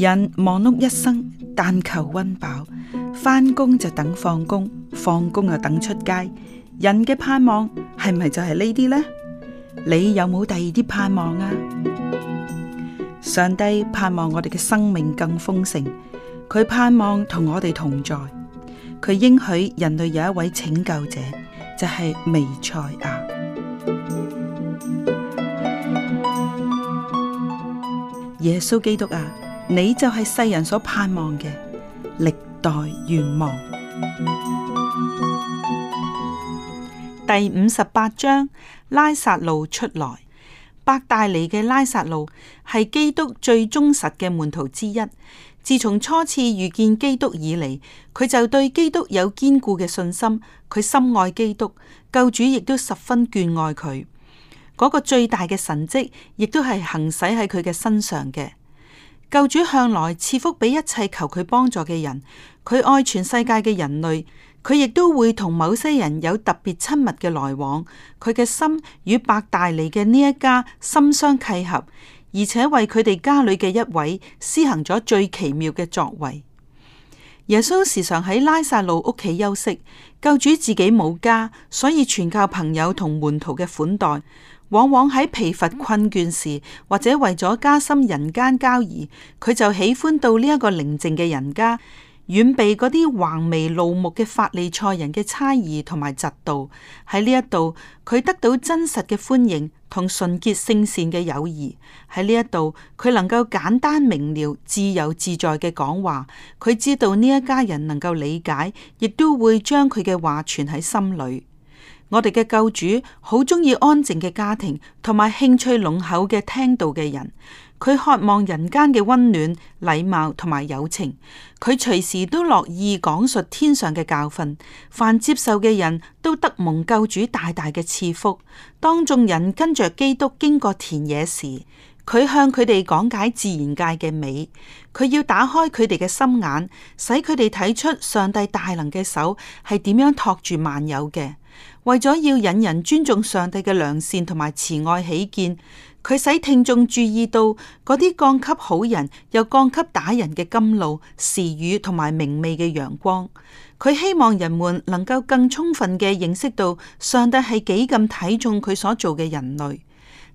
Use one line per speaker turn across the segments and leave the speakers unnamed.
人忙碌一生，但求溫飽，翻工就等放工，放工又等出街。人嘅盼望係咪就係呢啲呢？你有冇第二啲盼望啊？上帝盼望我哋嘅生命更豐盛，佢盼望同我哋同在，佢應許人類有一位拯救者，就係彌賽亞，耶穌基督啊！你就係世人所盼望嘅歷代願望。第五十八章，拉撒路出來。伯大尼嘅拉撒路係基督最忠實嘅門徒之一。自從初次遇見基督以嚟，佢就對基督有堅固嘅信心。佢深愛基督，救主亦都十分眷愛佢。嗰、那個最大嘅神蹟，亦都係行使喺佢嘅身上嘅。救主向來賜福俾一切求佢幫助嘅人，佢愛全世界嘅人類，佢亦都會同某些人有特別親密嘅來往。佢嘅心與伯大尼嘅呢一家心相契合，而且為佢哋家裏嘅一位施行咗最奇妙嘅作為。耶穌時常喺拉撒路屋企休息，救主自己冇家，所以全靠朋友同門徒嘅款待。往往喺疲乏困倦時，或者為咗加深人間交誼，佢就喜歡到呢一個寧靜嘅人家，遠避嗰啲橫眉怒目嘅法利賽人嘅猜疑同埋嫉妒。喺呢一度，佢得到真實嘅歡迎同純潔聖善嘅友誼。喺呢一度，佢能夠簡單明了、自由自在嘅講話。佢知道呢一家人能夠理解，亦都會將佢嘅話存喺心裏。我哋嘅救主好中意安靜嘅家庭，同埋興趣濃厚嘅聽道嘅人。佢渴望人間嘅溫暖、禮貌同埋友情。佢隨時都樂意講述天上嘅教訓，凡接受嘅人都得蒙救主大大嘅賜福。當眾人跟着基督經過田野時，佢向佢哋講解自然界嘅美。佢要打開佢哋嘅心眼，使佢哋睇出上帝大能嘅手係點樣托住萬有嘅。為咗要引人尊重上帝嘅良善同埋慈愛起見，佢使聽眾注意到嗰啲降給好人又降給打人嘅甘露、時雨同埋明媚嘅陽光。佢希望人們能夠更充分嘅認識到上帝係幾咁睇重佢所做嘅人類。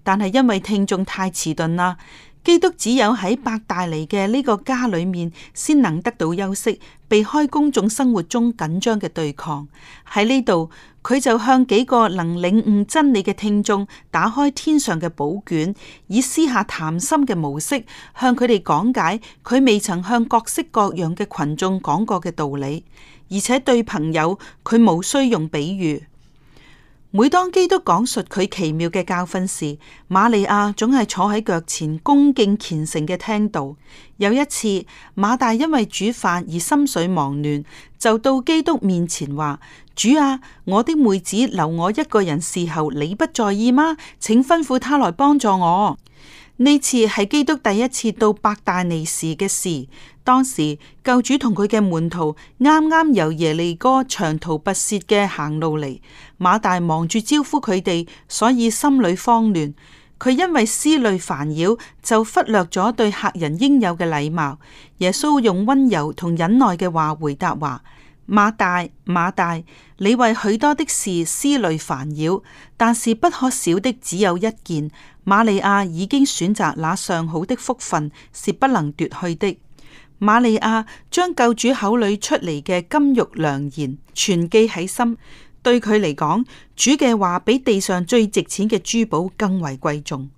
但係因為聽眾太遲鈍啦，基督只有喺伯大尼嘅呢個家裏面先能得到休息。避開公眾生活中緊張嘅對抗，喺呢度，佢就向幾個能領悟真理嘅聽眾打開天上嘅寶卷，以私下談心嘅模式向佢哋講解佢未曾向各式各樣嘅群眾講過嘅道理，而且對朋友，佢冇需用比喻。每當基督講述佢奇妙嘅教訓時，瑪利亞總係坐喺腳前恭敬虔誠嘅聽道。有一次，馬大因為煮飯而心緒忙亂，就到基督面前話：主啊，我的妹子留我一個人侍候，你不在意嗎？請吩咐她來幫助我。呢次係基督第一次到伯大尼時嘅事。當時，救主同佢嘅門徒啱啱由耶利哥長途跋涉嘅行路嚟，馬大忙住招呼佢哋，所以心裏慌亂。佢因為思慮煩擾，就忽略咗對客人應有嘅禮貌。耶穌用溫柔同忍耐嘅話回答話：馬大，馬大，你為許多的事思慮煩擾，但是不可少的只有一件。瑪利亞已經選擇那上好的福分，是不能奪去的。瑪利亞將救主口裏出嚟嘅金玉良言存記喺心，對佢嚟講，主嘅話比地上最值錢嘅珠寶更為貴重。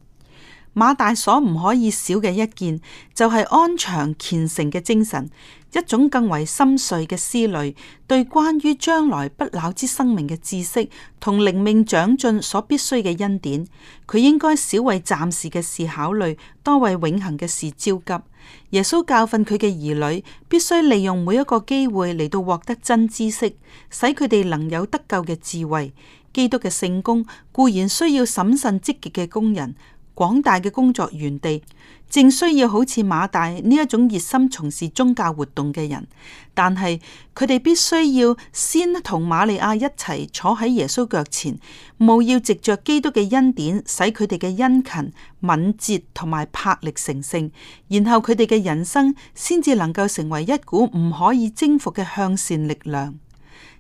馬大所唔可以少嘅一件，就係安詳虔誠嘅精神，一種更為深邃嘅思慮，對關於將來不朽之生命嘅知識同靈命長進所必須嘅恩典。佢應該少為暫時嘅事考慮，多為永恆嘅事焦急。耶穌教訓佢嘅兒女，必須利用每一個機會嚟到獲得真知識，使佢哋能有得救嘅智慧。基督嘅聖工固然需要審慎積極嘅工人。廣大嘅工作園地正需要好似馬大呢一種熱心從事宗教活動嘅人，但係佢哋必須要先同瑪利亞一齊坐喺耶穌腳前，務要藉着基督嘅恩典，使佢哋嘅殷勤、敏捷同埋魄力成聖，然後佢哋嘅人生先至能夠成為一股唔可以征服嘅向善力量。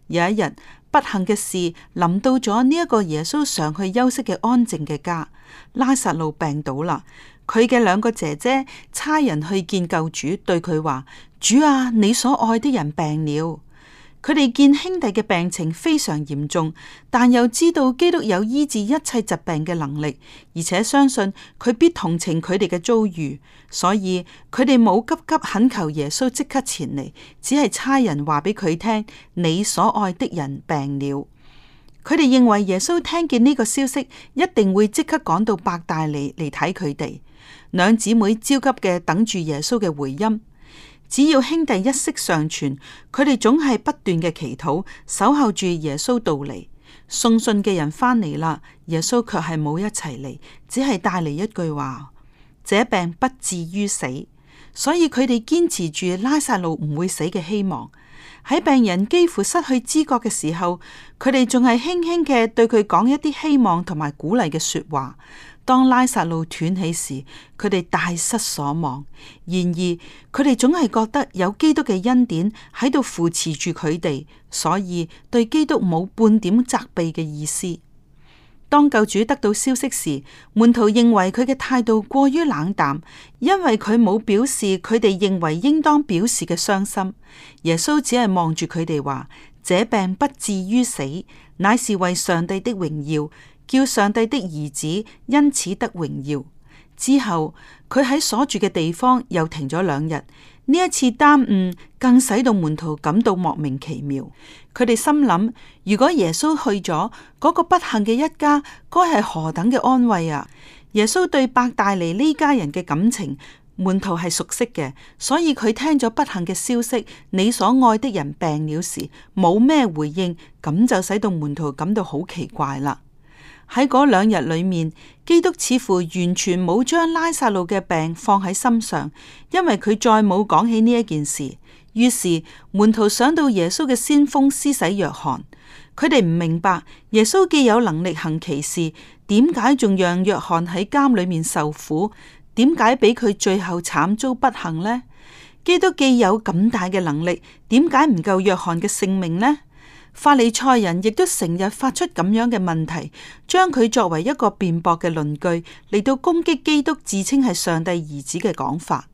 有一日。不幸嘅事臨到咗呢一個耶穌上去休息嘅安靜嘅家，拉撒路病倒啦。佢嘅兩個姐姐差人去見救主，對佢話：主啊，你所愛的人病了。佢哋見兄弟嘅病情非常嚴重，但又知道基督有醫治一切疾病嘅能力，而且相信佢必同情佢哋嘅遭遇，所以佢哋冇急急懇求耶穌即刻前嚟，只係差人話俾佢聽：你所愛的人病了。佢哋認為耶穌聽見呢個消息，一定會即刻趕到伯大尼嚟睇佢哋。兩姊妹焦急嘅等住耶穌嘅回音。只要兄弟一息尚存，佢哋總係不斷嘅祈禱，守候住耶穌到嚟。送信嘅人翻嚟啦，耶穌卻係冇一齊嚟，只係帶嚟一句話：這病不至於死。所以佢哋堅持住拉撒路唔會死嘅希望。喺病人幾乎失去知覺嘅時候，佢哋仲係輕輕嘅對佢講一啲希望同埋鼓勵嘅說話。當拉撒路斷氣時，佢哋大失所望。然而，佢哋總係覺得有基督嘅恩典喺度扶持住佢哋，所以對基督冇半點責備嘅意思。當救主得到消息時，門徒認為佢嘅態度過於冷淡，因為佢冇表示佢哋認為應當表示嘅傷心。耶穌只係望住佢哋話：「這病不至於死，乃是為上帝的榮耀。」叫上帝的兒子因此得榮耀之後，佢喺所住嘅地方又停咗兩日。呢一次耽誤更使到門徒感到莫名其妙。佢哋心諗，如果耶穌去咗嗰個不幸嘅一家，該係何等嘅安慰啊？耶穌對伯大尼呢家人嘅感情，門徒係熟悉嘅，所以佢聽咗不幸嘅消息，你所愛的人病了時冇咩回應，咁就使到門徒感到好奇怪啦。喺嗰兩日裏面，基督似乎完全冇將拉撒路嘅病放喺心上，因為佢再冇講起呢一件事。於是門徒想到耶穌嘅先鋒施洗約翰，佢哋唔明白耶穌既有能力行奇事，點解仲讓約翰喺監裏面受苦？點解俾佢最後慘遭不幸呢？基督既有咁大嘅能力，點解唔救約翰嘅性命呢？法利賽人亦都成日發出咁樣嘅問題，將佢作為一個辯駁嘅論據嚟到攻擊基督自稱係上帝兒子嘅講法。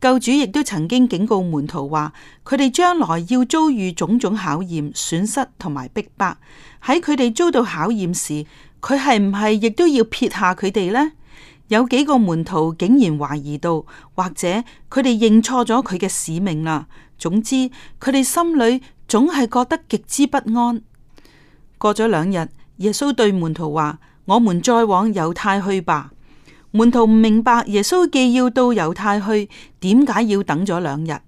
救主亦都曾經警告門徒話，佢哋將來要遭遇種種考驗、損失同埋逼迫。喺佢哋遭到考驗時，佢係唔係亦都要撇下佢哋呢？有幾個門徒竟然懷疑到，或者佢哋認錯咗佢嘅使命啦。總之，佢哋心裏總係覺得極之不安。過咗兩日，耶穌對門徒話：我們再往猶太去吧。門徒唔明白耶穌既要到猶太去，點解要等咗兩日？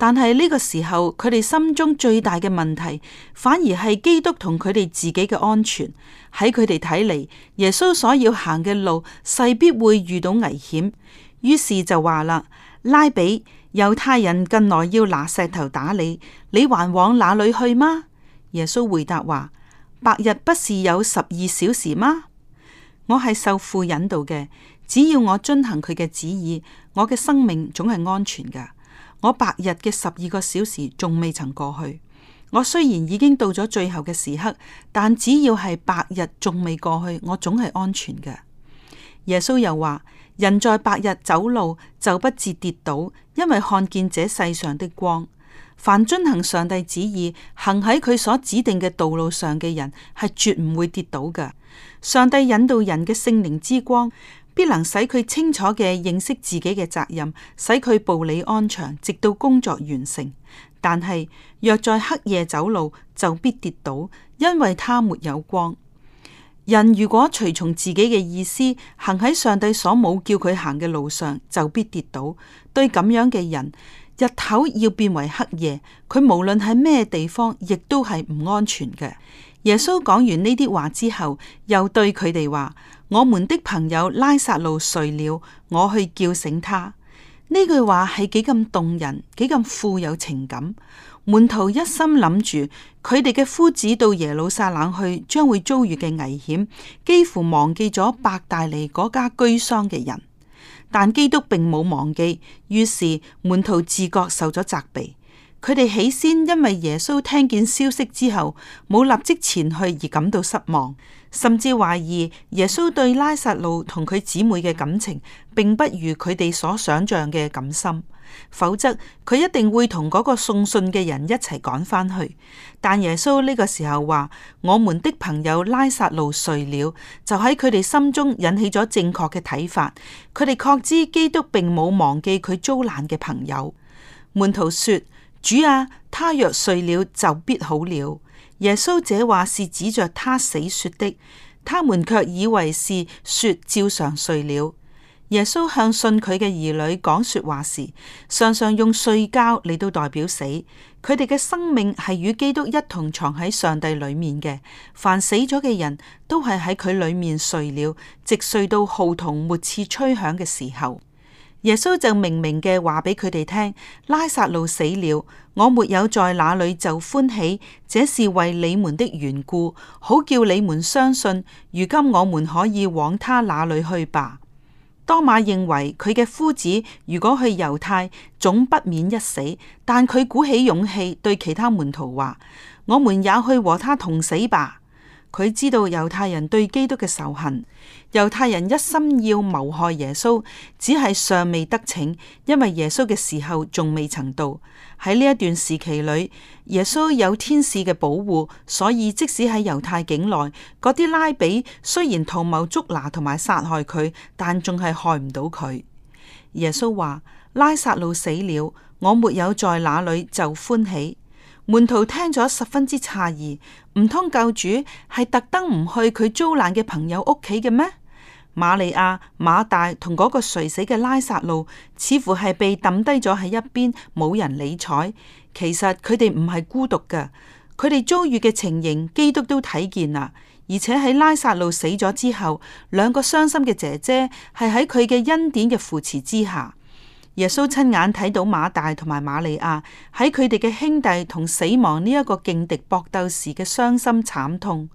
但係呢個時候，佢哋心中最大嘅問題，反而係基督同佢哋自己嘅安全。喺佢哋睇嚟，耶穌所要行嘅路，勢必會遇到危險。於是就話啦，拉比。猶太人近來要拿石頭打你，你還往哪裏去嗎？耶穌回答話：白日不是有十二小時嗎？我係受父引導嘅，只要我遵行佢嘅旨意，我嘅生命總係安全嘅。我白日嘅十二個小時仲未曾過去，我雖然已經到咗最後嘅時刻，但只要係白日仲未過去，我總係安全嘅。耶穌又話。人在白日走路就不至跌倒，因為看見這世上的光。凡遵行上帝旨意，行喺佢所指定嘅道路上嘅人，係絕唔會跌倒嘅。上帝引導人嘅聖靈之光，必能使佢清楚嘅認識自己嘅責任，使佢步履安詳，直到工作完成。但係若在黑夜走路，就必跌倒，因為他沒有光。人如果隨從自己嘅意思，行喺上帝所冇叫佢行嘅路上，就必跌倒。對咁樣嘅人，日頭要變為黑夜，佢無論喺咩地方，亦都係唔安全嘅。耶穌講完呢啲話之後，又對佢哋話：我們的朋友拉撒路睡了，我去叫醒他。呢句話係幾咁動人，幾咁富有情感。門徒一心諗住佢哋嘅夫子到耶路撒冷去將會遭遇嘅危險，幾乎忘記咗伯大尼嗰家居喪嘅人。但基督並冇忘記，於是門徒自覺受咗責備。佢哋起先因為耶穌聽見消息之後冇立即前去而感到失望，甚至懷疑耶穌對拉撒路同佢姊妹嘅感情，並不如佢哋所想象嘅咁深。否則佢一定會同嗰個送信嘅人一齊趕翻去。但耶穌呢個時候話：我們的朋友拉撒路睡了，就喺佢哋心中引起咗正確嘅睇法。佢哋確知基督並冇忘記佢遭難嘅朋友。門徒說：主啊，他若睡了，就必好了。耶穌這話是指着他死說的，他們卻以為是說照常睡了。耶穌向信佢嘅兒女講說話時，常常用睡覺嚟到代表死。佢哋嘅生命係與基督一同藏喺上帝裏面嘅。凡死咗嘅人都係喺佢裏面睡了，直睡到號筒末次吹響嘅時候。耶穌就明明嘅話俾佢哋聽：拉撒路死了，我沒有在那裏就歡喜，這是為你們的緣故，好叫你們相信。如今我們可以往他那裏去吧。多馬認為佢嘅夫子如果去猶太，總不免一死。但佢鼓起勇氣對其他門徒話：「我們也去和他同死吧。」佢知道猶太人對基督嘅仇恨，猶太人一心要謀害耶穌，只係尚未得逞，因為耶穌嘅時候仲未曾到。喺呢一段時期裏，耶穌有天使嘅保護，所以即使喺猶太境內，嗰啲拉比雖然圖謀捉拿同埋殺害佢，但仲係害唔到佢。耶穌話：拉撒路死了，我沒有在那裏就歡喜。門徒聽咗十分之詫異，唔通救主係特登唔去佢租懶嘅朋友屋企嘅咩？瑪利亞、馬大同嗰個垂死嘅拉撒路，似乎係被抌低咗喺一邊，冇人理睬。其實佢哋唔係孤獨噶，佢哋遭遇嘅情形，基督都睇見啦。而且喺拉撒路死咗之後，兩個傷心嘅姐姐係喺佢嘅恩典嘅扶持之下，耶穌親眼睇到馬大同埋瑪利亞喺佢哋嘅兄弟同死亡呢一個勁敵搏鬥時嘅傷心慘痛。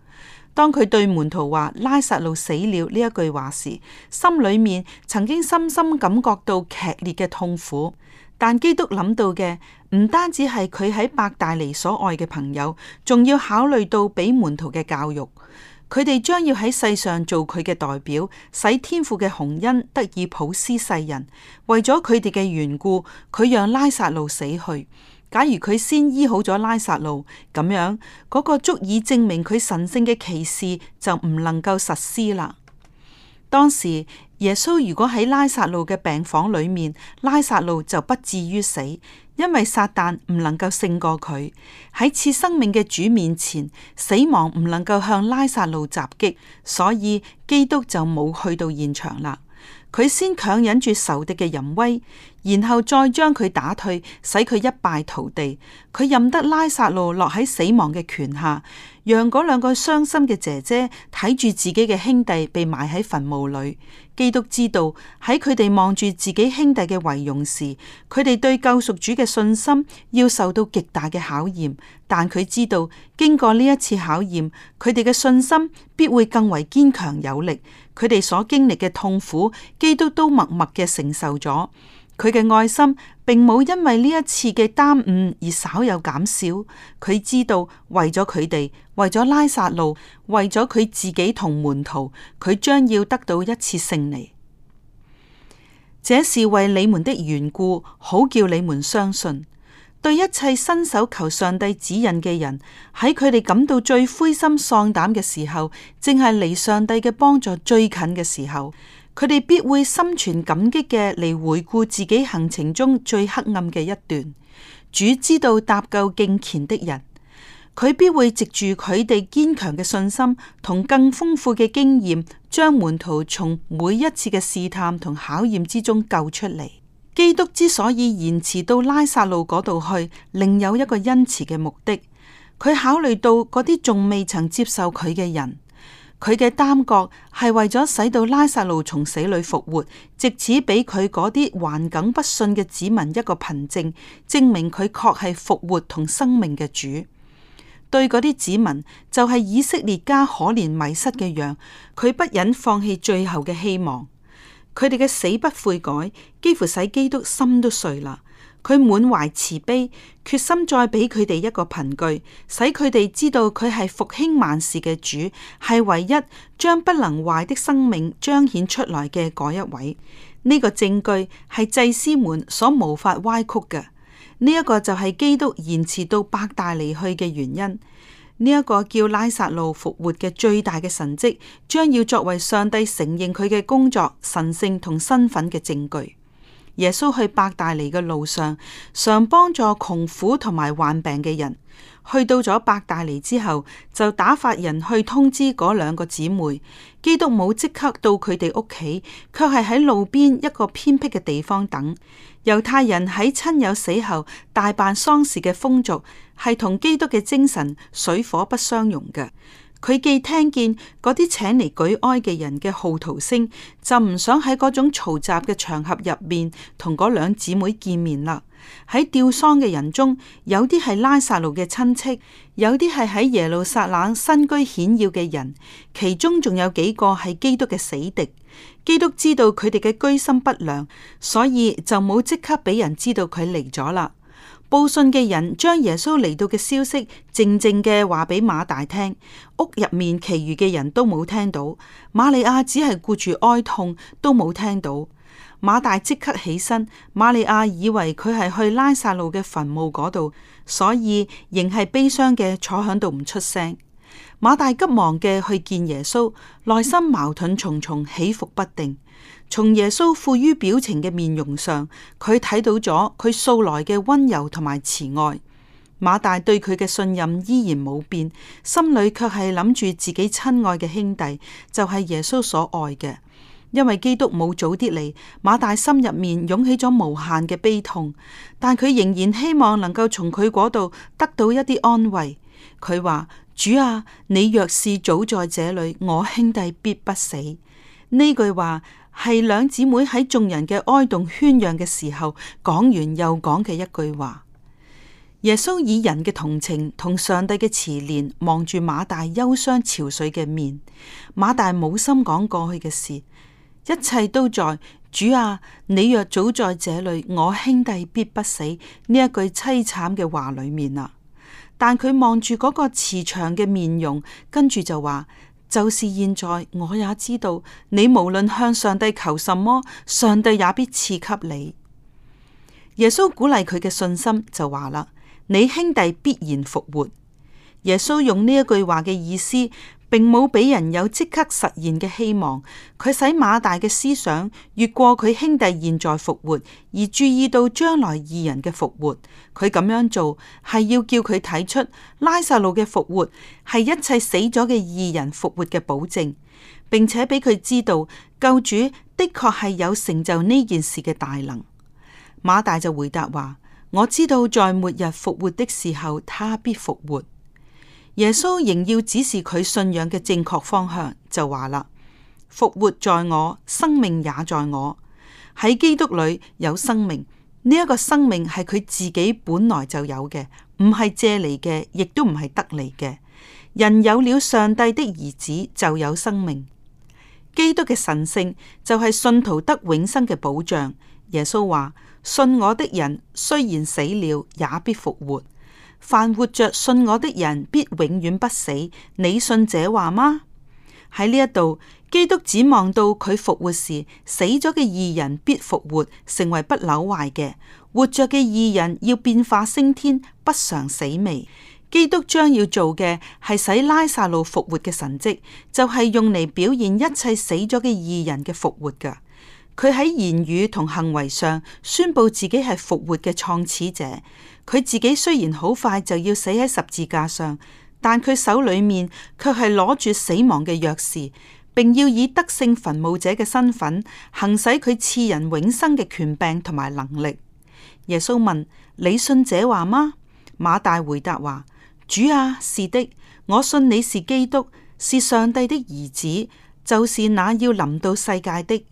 當佢對門徒話，拉撒路死了呢一句話時，心裏面曾經深深感覺到劇烈嘅痛苦。但基督諗到嘅唔單止係佢喺伯大尼所愛嘅朋友，仲要考慮到俾門徒嘅教育，佢哋將要喺世上做佢嘅代表，使天父嘅洪恩得以普施世人。為咗佢哋嘅緣故，佢讓拉撒路死去。假如佢先醫好咗拉撒路，咁樣嗰、那個足以證明佢神聖嘅歧視就唔能夠實施啦。當時耶穌如果喺拉撒路嘅病房裏面，拉撒路就不至於死，因為撒旦唔能夠勝過佢，喺賜生命嘅主面前，死亡唔能夠向拉撒路襲擊，所以基督就冇去到現場啦。佢先強忍住仇敵嘅淫威，然後再將佢打退，使佢一敗塗地。佢任得拉撒路落喺死亡嘅拳下，讓嗰兩個傷心嘅姐姐睇住自己嘅兄弟被埋喺墳墓裏。基督知道喺佢哋望住自己兄弟嘅遺容時，佢哋對救贖主嘅信心要受到極大嘅考驗。但佢知道，經過呢一次考驗，佢哋嘅信心必會更為堅強有力。佢哋所經歷嘅痛苦，基督都默默嘅承受咗。佢嘅愛心並冇因為呢一次嘅耽誤而稍有減少。佢知道為咗佢哋。為咗拉薩路，為咗佢自己同門徒，佢將要得到一次勝利。這是為你們的緣故，好叫你們相信。對一切伸手求上帝指引嘅人，喺佢哋感到最灰心喪膽嘅時候，正係離上帝嘅幫助最近嘅時候，佢哋必會心存感激嘅嚟回顧自己行程中最黑暗嘅一段。主知道搭救敬虔的人。佢必會藉住佢哋堅強嘅信心同更豐富嘅經驗，將門徒從每一次嘅試探同考驗之中救出嚟。基督之所以延遲到拉撒路嗰度去，另有一個恩慈嘅目的。佢考慮到嗰啲仲未曾接受佢嘅人，佢嘅耽擱係為咗使到拉撒路從死裏復活，藉此俾佢嗰啲頑梗不信嘅子民一個憑證，證明佢確係復活同生命嘅主。對嗰啲子民就係、是、以色列家可憐迷失嘅羊，佢不忍放棄最後嘅希望，佢哋嘅死不悔改，幾乎使基督心都碎啦。佢滿懷慈悲，決心再俾佢哋一個憑據，使佢哋知道佢係復興萬事嘅主，係唯一將不能壞的生命彰顯出來嘅嗰一位。呢、這個證據係祭司們所無法歪曲嘅。呢一個就係基督延遲到伯大尼去嘅原因。呢、這、一個叫拉撒路復活嘅最大嘅神蹟，將要作為上帝承認佢嘅工作、神聖同身份嘅證據。耶穌去伯大尼嘅路上，常幫助窮苦同埋患病嘅人。去到咗伯大尼之後，就打發人去通知嗰兩個姊妹。基督冇即刻到佢哋屋企，卻係喺路邊一個偏僻嘅地方等。猶太人喺親友死後大辦喪事嘅風俗，係同基督嘅精神水火不相容嘅。佢既聽見嗰啲請嚟舉哀嘅人嘅號啕聲，就唔想喺嗰種嘈雜嘅場合入面同嗰兩姊妹見面啦。喺吊喪嘅人中，有啲係拉撒路嘅親戚，有啲係喺耶路撒冷身居顯要嘅人，其中仲有幾個係基督嘅死敵。基督知道佢哋嘅居心不良，所以就冇即刻俾人知道佢嚟咗啦。報信嘅人將耶穌嚟到嘅消息，靜靜嘅話俾馬大聽，屋入面其餘嘅人都冇聽到。瑪利亞只係顧住哀痛，都冇聽到。馬大即刻起身，瑪利亞以為佢係去拉撒路嘅墳墓嗰度，所以仍係悲傷嘅坐響度唔出聲。馬大急忙嘅去見耶穌，內心矛盾重重，起伏不定。從耶穌富於表情嘅面容上，佢睇到咗佢素來嘅温柔同埋慈愛。馬大對佢嘅信任依然冇變，心裏卻係諗住自己親愛嘅兄弟就係耶穌所愛嘅。因為基督冇早啲嚟，馬大心入面湧起咗無限嘅悲痛，但佢仍然希望能夠從佢嗰度得到一啲安慰。佢話：主啊，你若是早在這裏，我兄弟必不死。呢句話係兩姊妹喺眾人嘅哀慟喧嚷嘅時候講完又講嘅一句話。耶穌以人嘅同情同上帝嘅慈憐望住馬大憂傷憔悴嘅面，馬大冇心講過去嘅事，一切都在主啊，你若早在這裏，我兄弟必不死呢一句淒慘嘅話裏面啊。但佢望住嗰個慈祥嘅面容，跟住就話：「就是現在，我也知道，你無論向上帝求什麼，上帝也必賜給你。」耶穌鼓勵佢嘅信心，就話啦：「你兄弟必然復活。」耶穌用呢一句話嘅意思。並冇俾人有即刻實現嘅希望。佢使馬大嘅思想越過佢兄弟現在復活，而注意到將來二人嘅復活。佢咁樣做係要叫佢睇出拉撒路嘅復活係一切死咗嘅二人復活嘅保證，並且俾佢知道救主的確係有成就呢件事嘅大能。馬大就回答話：我知道在末日復活的時候，他必復活。耶穌仍要指示佢信仰嘅正確方向，就話啦：復活在我，生命也在我。喺基督裏有生命，呢一個生命係佢自己本來就有嘅，唔係借嚟嘅，亦都唔係得嚟嘅。人有了上帝的兒子，就有生命。基督嘅神聖就係信徒得永生嘅保障。耶穌話：信我的人，雖然死了，也必復活。凡活着信我的人必永遠不死。你信這話嗎？喺呢一度，基督指望到佢復活時，死咗嘅義人必復活，成為不朽壞嘅；活着嘅義人要變化升天，不嘗死味。基督將要做嘅係使拉撒路復活嘅神蹟，就係、是、用嚟表現一切死咗嘅義人嘅復活噶。佢喺言語同行為上宣布自己係復活嘅創始者。佢自己雖然好快就要死喺十字架上，但佢手裏面卻係攞住死亡嘅鑰匙，並要以得勝墳墓者嘅身份行使佢賜人永生嘅權柄同埋能力。耶穌問：你信這話嗎？馬大回答話：主啊，是的，我信你是基督，是上帝的兒子，就是那要臨到世界的。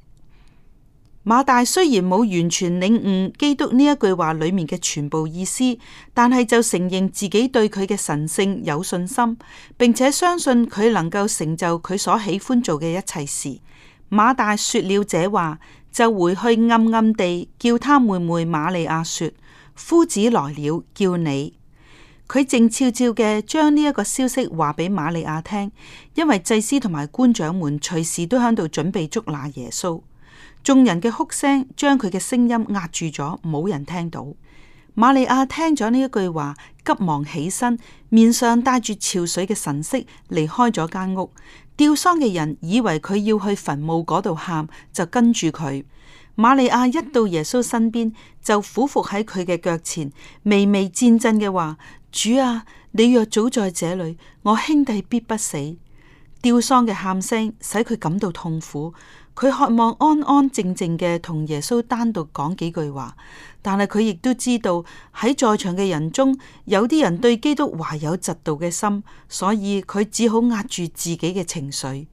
馬大雖然冇完全領悟基督呢一句話裏面嘅全部意思，但係就承認自己對佢嘅神聖有信心，並且相信佢能夠成就佢所喜歡做嘅一切事。馬大說了這話，就回去暗暗地叫他妹妹瑪利亞說，夫子來了，叫你。佢靜悄悄嘅將呢一個消息話俾瑪利亞聽，因為祭司同埋官長們隨時都喺度準備捉拿耶穌。眾人嘅哭聲將佢嘅聲音壓住咗，冇人聽到。瑪利亞聽咗呢一句話，急忙起身，面上帶住憔悴嘅神色離開咗間屋。吊喪嘅人以為佢要去墳墓嗰度喊，就跟住佢。瑪利亞一到耶穌身邊，就俯伏喺佢嘅腳前，微微戰震嘅話：主啊，你若早在這裏，我兄弟必不死。吊喪嘅喊聲使佢感到痛苦。佢渴望安安靜靜嘅同耶穌單獨講幾句話，但係佢亦都知道喺在，在場嘅人中有啲人對基督懷有嫉妒嘅心，所以佢只好壓住自己嘅情緒。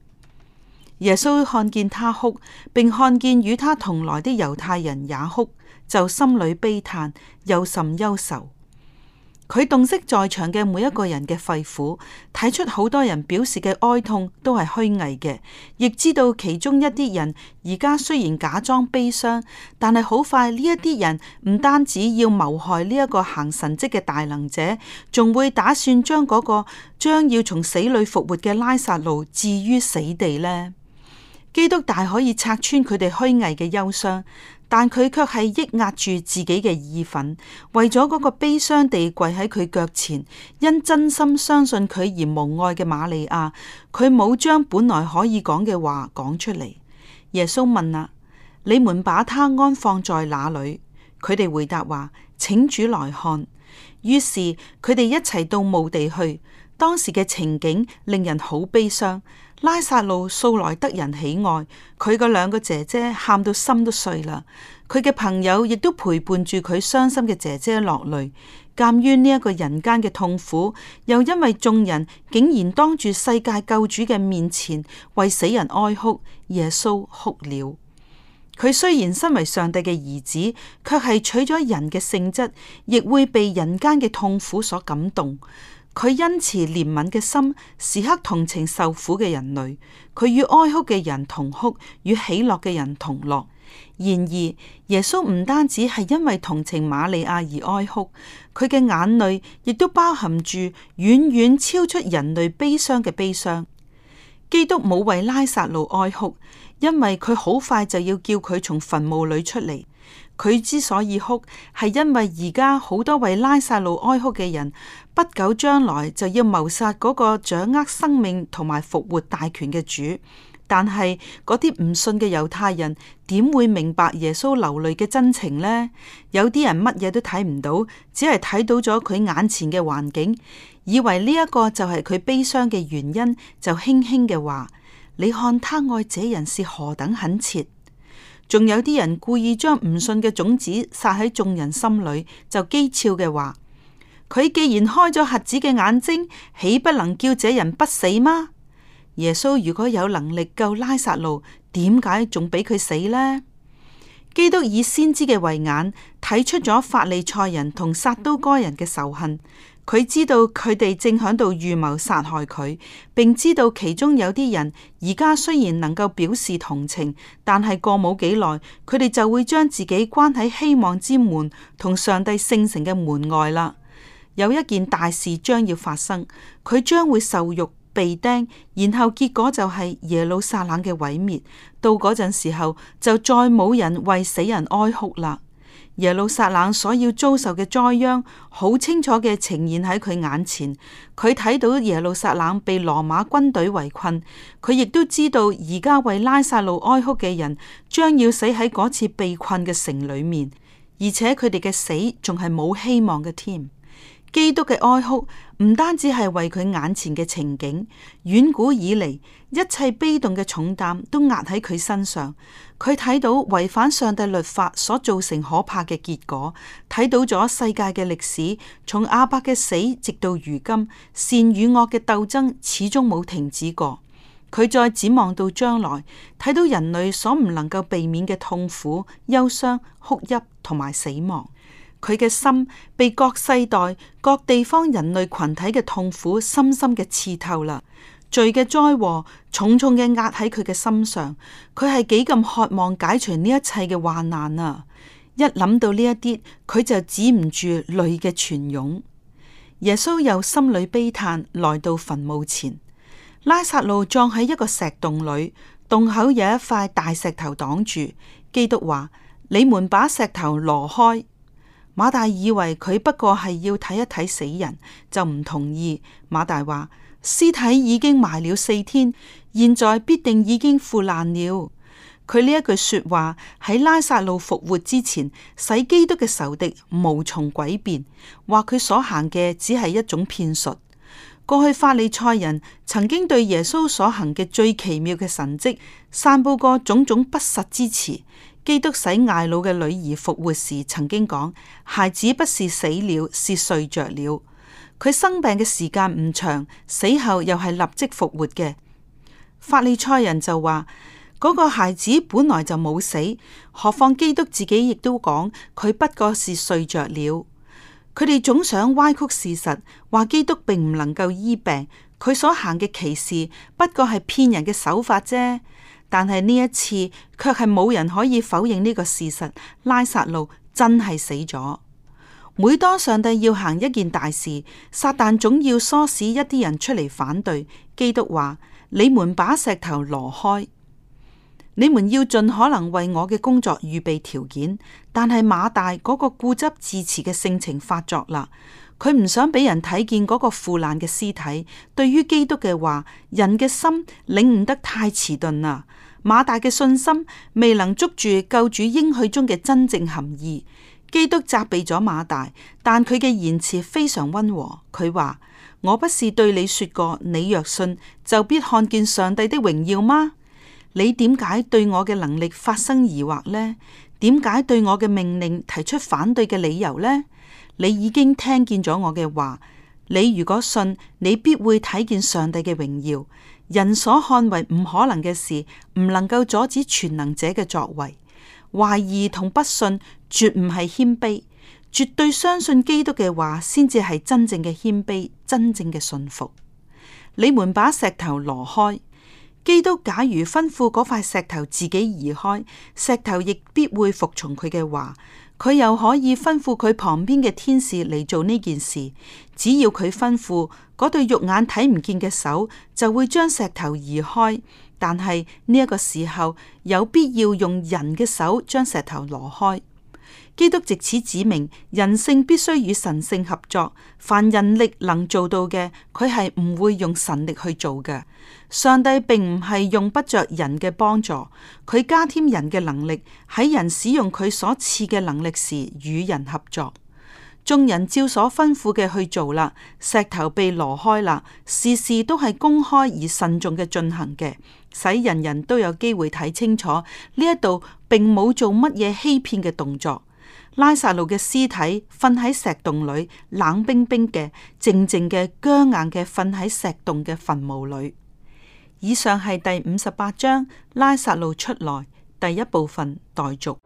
耶穌看見他哭，並看見與他同來的猶太人也哭，就心裏悲嘆，又甚憂愁。佢洞悉在場嘅每一個人嘅肺腑，睇出好多人表示嘅哀痛都係虛偽嘅，亦知道其中一啲人而家雖然假裝悲傷，但係好快呢一啲人唔單止要謀害呢一個行神蹟嘅大能者，仲會打算將嗰個將要從死裏復活嘅拉撒路置於死地呢。基督大可以拆穿佢哋虛偽嘅憂傷。但佢卻係抑壓住自己嘅義憤，為咗嗰個悲傷地跪喺佢腳前，因真心相信佢而無愛嘅瑪利亞，佢冇將本來可以講嘅話講出嚟。耶穌問啊：你們把他安放在哪裏？佢哋回答話：請主來看。於是佢哋一齊到墓地去。當時嘅情景令人好悲傷。拉撒路素來得人喜愛，佢嘅兩個姐姐喊到心都碎啦。佢嘅朋友亦都陪伴住佢傷心嘅姐姐落淚。鑒於呢一個人間嘅痛苦，又因為眾人竟然當住世界救主嘅面前為死人哀哭，耶穌哭了。佢雖然身為上帝嘅兒子，卻係取咗人嘅性質，亦會被人間嘅痛苦所感動。佢恩慈憐憫嘅心，時刻同情受苦嘅人類。佢與哀哭嘅人同哭，與喜樂嘅人同樂。然而，耶穌唔單止係因為同情瑪利亞而哀哭，佢嘅眼淚亦都包含住遠遠超出人類悲傷嘅悲傷。基督冇為拉撒路哀哭，因為佢好快就要叫佢從墳墓裏出嚟。佢之所以哭，係因為而家好多為拉撒路哀哭嘅人，不久將來就要謀殺嗰個掌握生命同埋復活大權嘅主。但係嗰啲唔信嘅猶太人，點會明白耶穌流淚嘅真情呢？有啲人乜嘢都睇唔到，只係睇到咗佢眼前嘅環境，以為呢一個就係佢悲傷嘅原因，就輕輕嘅話：你看他愛這人是何等懇切。仲有啲人故意將唔信嘅種子撒喺眾人心裏，就譏誚嘅話：佢既然開咗瞎子嘅眼睛，豈不能叫這人不死嗎？耶穌如果有能力救拉撒路，點解仲俾佢死呢？基督以先知嘅慧眼睇出咗法利賽人同撒都該人嘅仇恨。佢知道佢哋正響度預謀殺害佢，並知道其中有啲人而家雖然能夠表示同情，但係過冇幾耐，佢哋就會將自己關喺希望之門同上帝聖城嘅門外啦。有一件大事將要發生，佢將會受辱被釘，然後結果就係耶路撒冷嘅毀滅。到嗰陣時候，就再冇人為死人哀哭啦。耶路撒冷所要遭受嘅災殃，好清楚嘅呈現喺佢眼前。佢睇到耶路撒冷被羅馬軍隊圍困，佢亦都知道而家為拉撒路哀哭嘅人，將要死喺嗰次被困嘅城裏面，而且佢哋嘅死仲係冇希望嘅添。基督嘅哀哭唔單止係為佢眼前嘅情景，遠古以嚟一切悲痛嘅重擔都壓喺佢身上。佢睇到違反上帝律法所造成可怕嘅結果，睇到咗世界嘅歷史，從亞伯嘅死直到如今，善與惡嘅鬥爭始終冇停止過。佢再展望到將來，睇到人類所唔能夠避免嘅痛苦、憂傷、哭泣同埋死亡。佢嘅心被各世代、各地方人類群體嘅痛苦深深嘅刺透啦，罪嘅災禍重重嘅壓喺佢嘅心上。佢係幾咁渴望解除呢一切嘅患難啊！一諗到呢一啲，佢就止唔住淚嘅泉湧。耶穌又心裏悲嘆，來到墳墓前，拉撒路葬喺一個石洞裏，洞口有一塊大石頭擋住。基督話：你們把石頭挪開。馬大以為佢不過係要睇一睇死人，就唔同意。馬大話：屍體已經埋了四天，現在必定已經腐爛了。佢呢一句說話喺拉撒路復活之前，使基督嘅仇敵無從詭辯，話佢所行嘅只係一種騙術。過去法利賽人曾經對耶穌所行嘅最奇妙嘅神迹，散布過種種不實之詞。基督使艾老嘅女兒復活時，曾經講：孩子不是死了，是睡着了。佢生病嘅時間唔長，死後又係立即復活嘅。法利賽人就話：嗰個孩子本來就冇死，何況基督自己亦都講佢不過是睡着了。佢哋總想歪曲事實，話基督並唔能夠醫病，佢所行嘅奇事不過係騙人嘅手法啫。但係呢一次，卻係冇人可以否認呢個事實，拉撒路真係死咗。每當上帝要行一件大事，撒旦總要唆使一啲人出嚟反對。基督話：你們把石頭挪開，你們要盡可能為我嘅工作預備條件。但係馬大嗰個固執自持嘅性情發作啦，佢唔想俾人睇見嗰個腐爛嘅屍體。對於基督嘅話，人嘅心領悟得太遲鈍啦。馬大嘅信心未能捉住救主應許中嘅真正含義。基督責備咗馬大，但佢嘅言辭非常溫和。佢話：我不是對你說過，你若信，就必看見上帝的榮耀嗎？你點解對我嘅能力發生疑惑呢？點解對我嘅命令提出反對嘅理由呢？你已經聽見咗我嘅話。你如果信，你必會睇見上帝嘅榮耀。人所看為唔可能嘅事，唔能夠阻止全能者嘅作為。懷疑同不信，絕唔係謙卑，絕對相信基督嘅話，先至係真正嘅謙卑，真正嘅信服。你們把石頭挪開，基督假如吩咐嗰塊石頭自己移開，石頭亦必會服從佢嘅話。佢又可以吩咐佢旁邊嘅天使嚟做呢件事，只要佢吩咐，嗰對肉眼睇唔見嘅手就會將石頭移開。但係呢一個時候，有必要用人嘅手將石頭挪開。基督藉此指明，人性必須與神性合作。凡人力能做到嘅，佢係唔會用神力去做嘅。上帝並唔係用不着人嘅幫助，佢加添人嘅能力，喺人使用佢所賜嘅能力時與人合作。眾人照所吩咐嘅去做啦，石頭被挪開啦，事事都係公開而慎重嘅進行嘅，使人人都有機會睇清楚呢一度並冇做乜嘢欺騙嘅動作。拉撒路嘅屍體瞓喺石洞裏，冷冰冰嘅，靜靜嘅，僵硬嘅，瞓喺石洞嘅墳墓裏。以上係第五十八章拉撒路出來第一部分待續。